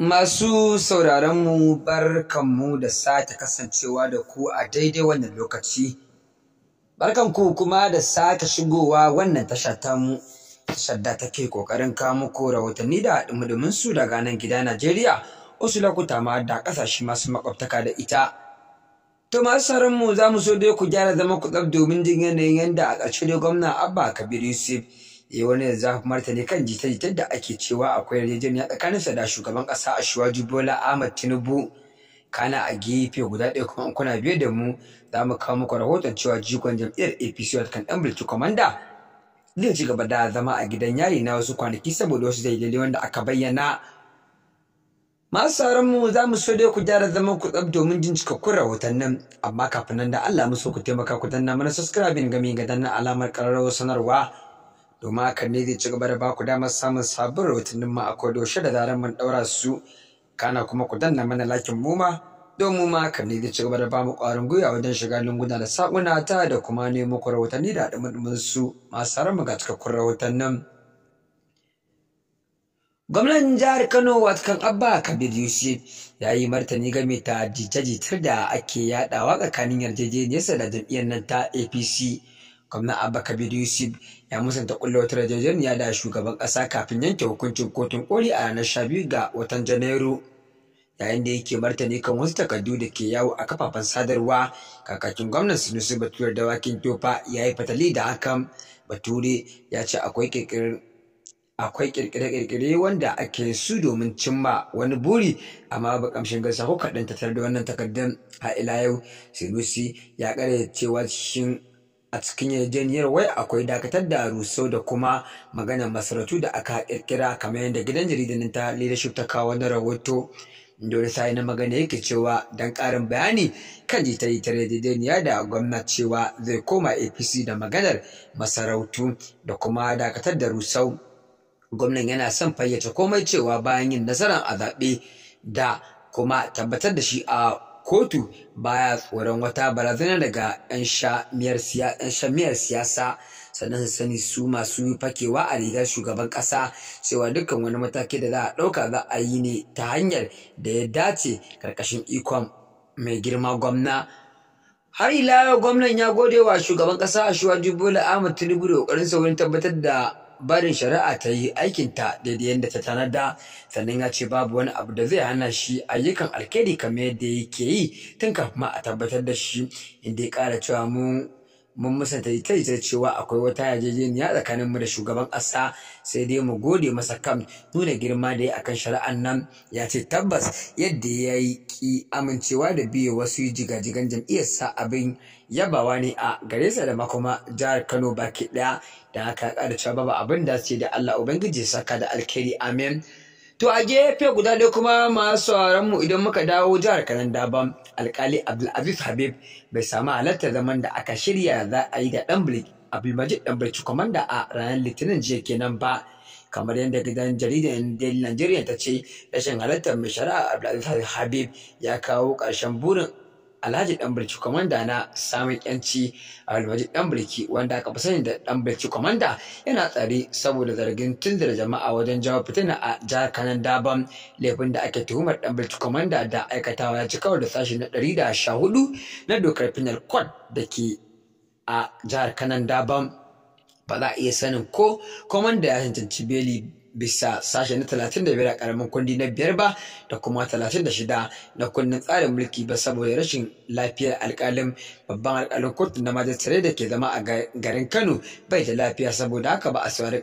Masu sauraronmu barkanmu da sake kasancewa da ku a daidai wannan lokaci. Barkanku kuma da sake shigowa wannan tasha ta tashar da take ƙoƙarin kawo muku rahotanni da dumudumin su daga nan gida Najeriya, wasu lokuta ma da ƙasashe masu makwabtaka da ita. To masu sauranmu za mu so dai ku gyara zama ku tsaf domin jin yanayin yadda a ƙarshe dai gwamna Abba Kabir Yusuf Eh, ya wani zafi martani kan jita jita da ake cewa akwai yarjejeniya sa da shugaban ƙasa a bola ahmad tinubu kana a gefe guda ɗaya kuma in kuna biye da mu za mu kawo muku rahoton cewa jikon jam'iyyar apc wata kan ɗan bilki kwamanda zai ci gaba da zama a gidan yari na wasu kwanaki saboda wasu dalilai wanda aka bayyana masu sauran mu za mu so dai ku gyara zaman ku tsab domin jin cikakkun rahoton nan, amma kafin nan da Allah mu so ku taimaka ku danna mana subscribing gami ga danna alamar ƙararrawar sanarwa domin haka ne zai ci gaba da baku damar samun sabbin rahotannin mu a da zarar mun ɗaura su kana kuma ku danna mana lakin mu ma domin ma haka ne zai ci gaba da bamu ƙwarin gwiwa wajen shiga lunguna da saƙuna ta da kuma ne muku rahotanni da haɗin su masu mu ga cikakkun rahotannin. Gwamnan jihar Kano watakan Abba Kabir Yusuf ya yi martani game ta jita-jitar da ake yaɗawa tsakanin yarjejeniyarsa da jam'iyyar nan ta APC. Gwamnan abba kabir yusuf ya musanta kulle wata rajajeniya da shugaban ƙasa kafin yanke hukuncin kotun koli a ranar sha biyu ga watan janairu yayin da yake martani kan wasu takardu da ke yawo a kafafen sadarwa kakakin gwamnan Sinusi, bature da wakin tofa ya yi fatali da hakan bature ya ce akwai ƙirƙire akwai kirkire-kirkire wanda ake su domin cimma wani buri amma ba kamshin gasa ko kaɗan tattare da wannan takardun a ila yau sinusi ya ƙara cewa shin a cikin yarjejeniyar wai akwai dakatar da rusau da kuma maganar masarautu da aka kirkira kamar yadda gidan jaridan ta leadership ta kawo na rahoto dole sai na magana yake cewa dan karin bayani kan ta yi ta yarjejeniya da gwamnati cewa zai koma apc da maganar masarautu da kuma dakatar da rusau gwamnan yana son fayyace komai cewa bayan yin nasarar a zaɓe da kuma tabbatar da shi a kotu baya tsoron wata barazana daga 'yan shamiyar siyasa sannan su sani su masu fakewa a rigar shugaban ƙasa cewa dukkan wani mataki da za a ɗauka za a yi ne ta hanyar da ya dace ƙarƙashin ikon mai girma gwamna har ila gwamnan ya gode wa shugaban ƙasa a shuwa jibola ahmad tinubu da sa saurin tabbatar da barin shari'a ta yi aikinta daidai yadda ta tanada sannan ya ce babu wani abu da zai hana shi ayyukan alkhairi kamar yadda yake yi tun kafin ma a tabbatar da shi inda ya kara cewa mun mun ta ita ita cewa akwai wata yarjejeniya tsakanin mu da shugaban ƙasa sai dai mu gode masa kan nuna girma da ya akan shari'an nan ya ce tabbas yadda ya yi ki amincewa da biye wasu jigajigan jam'iyyar sa abin yabawa ne a gare sa da makoma jihar Kano baki ɗaya da haka ya ƙara cewa babu abin da ce da Allah Ubangiji saka da alkhairi amen To a gefe guda dai kuma masu mu idan muka dawo jihar Kananda ba alkali Abdulaziz Habib bai samu halartar zaman da aka shirya za a yi da Danblik Abdulmajid Danbaici kwamanda a ranar Litinin jiya kenan ba kamar yadda gidan jaridan Daily Nigeria ta ce rashin halartar mai shari'a Abdulaziz Habib ya kawo ƙarshen burin Alhaji Ɗanbirki Kwamanda na samun yanci Alhaji birki, wanda aka fi sani da Ɗanbirki Komanda yana tsare saboda zargin tunzura jama'a wajen jawo fitina a jihar Kanan Daban laifin da ake tuhumar Ɗanbirki Kwamanda da aikatawa ya ci kawar da sashi na ɗari da sha hudu na dokar Penal Code da ke a jihar Kanan Daban ba za a iya sanin ko kwamanda ya cancanci beli bisa sashe na 35 a karamin kundi na biyar ba da kuma 36 na kundin tsarin mulki ba saboda rashin lafiyar alkalin babban alkalin kotun na majistare da ke zama a garin kano bai da lafiya saboda haka ba a